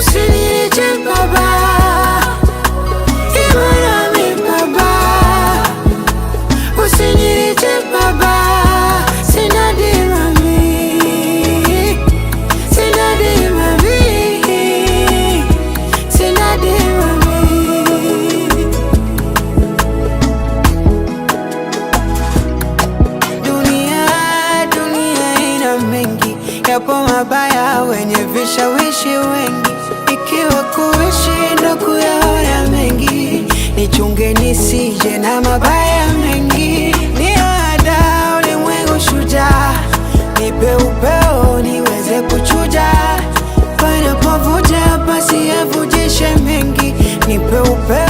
Usiniite baba, mi baba, usiniite baba, sina sina sina Dunia, dunia ina mengi, yapo mabaya wenye vishawishi wengi Chungeni sije na mabaya mengi, ni ada ulimwengu shujaa, nipe upeo niweze kuchuja, panapovuja pasiyevujishe mengi, nipe upeo